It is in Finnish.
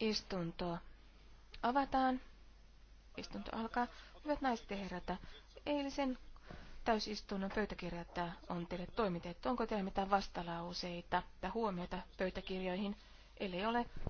Istunto avataan. Istunto alkaa. Hyvät naiset ja herrat, eilisen täysistunnon pöytäkirjat on teille toimitettu. Onko teillä mitään vastalauseita tai huomiota pöytäkirjoihin? Eli ole,